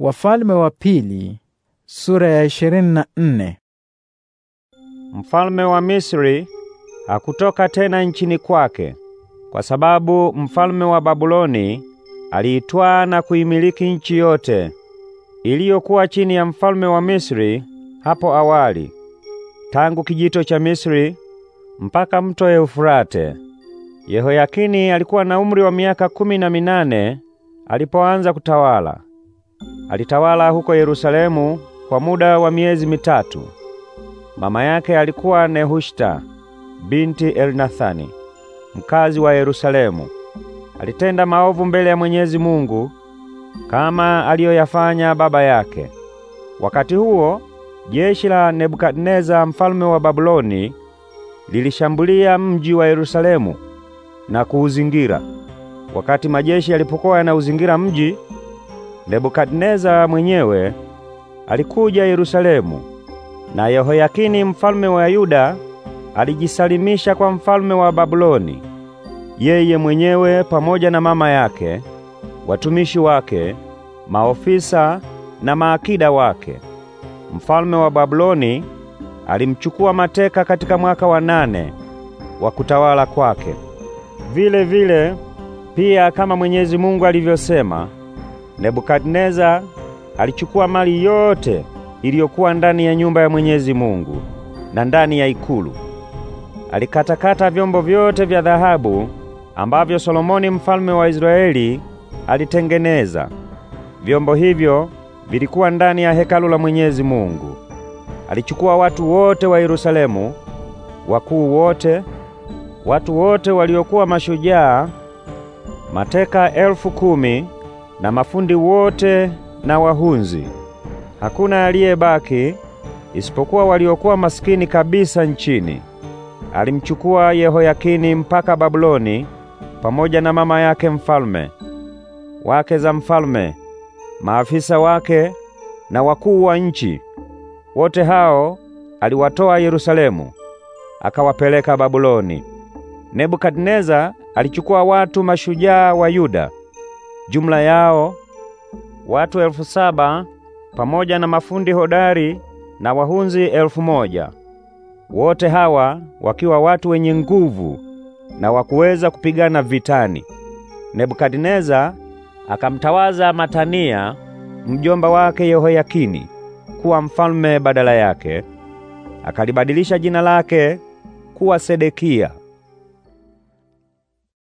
Wafalme wa pili, sura ya 24. Mfalme wa Misri hakutoka tena nchini kwake kwa sababu mfalme wa Babuloni aliitwaa na kuimiliki nchi yote iliyokuwa chini ya mfalme wa Misri hapo awali, tangu kijito cha Misri mpaka mto Eufrate. Yehoyakini alikuwa na umri wa miaka kumi na minane alipoanza kutawala. Alitawala huko Yerusalemu kwa muda wa miezi mitatu. Mama yake alikuwa Nehushta binti Elnathani, mkazi wa Yerusalemu. Alitenda maovu mbele ya Mwenyezi Mungu kama aliyoyafanya baba yake. Wakati huo jeshi la Nebukadneza mfalme wa Babuloni lilishambulia mji wa Yerusalemu na kuuzingira. Wakati majeshi yalipokuwa yanauzingira mji, Nebukadneza mwenyewe alikuja Yerusalemu, na Yehoyakini mfalme wa Yuda alijisalimisha kwa mfalme wa Babuloni, yeye mwenyewe pamoja na mama yake, watumishi wake, maofisa na maakida wake. Mfalme wa Babuloni alimchukua mateka katika mwaka wa nane wa kutawala kwake, vile vile pia kama Mwenyezi Mungu alivyosema. Nebukadneza alichukua mali yote iliyokuwa ndani ya nyumba ya Mwenyezi Mungu na ndani ya ikulu. Alikatakata vyombo vyote vya dhahabu ambavyo Solomoni mfalme wa Israeli alitengeneza. Vyombo hivyo vilikuwa ndani ya hekalu la Mwenyezi Mungu. Alichukua watu wote wa Yerusalemu, wakuu wote, watu wote waliokuwa mashujaa, mateka elfu kumi na mafundi wote na wahunzi. Hakuna aliyebaki isipokuwa waliokuwa masikini kabisa nchini. Alimchukua Yehoyakini mpaka Babuloni pamoja na mama yake mfalme, wake za mfalme, maafisa wake na wakuu wa nchi. Wote hao aliwatoa Yerusalemu akawapeleka Babuloni. Nebukadneza alichukua watu mashujaa wa Yuda Jumla yao watu elfu saba pamoja na mafundi hodari na wahunzi elfu moja wote hawa wakiwa watu wenye nguvu na wakuweza kupigana vitani. Nebukadineza akamtawaza Matania mjomba wake Yehoyakini kuwa mfalme badala yake, akalibadilisha jina lake kuwa Sedekia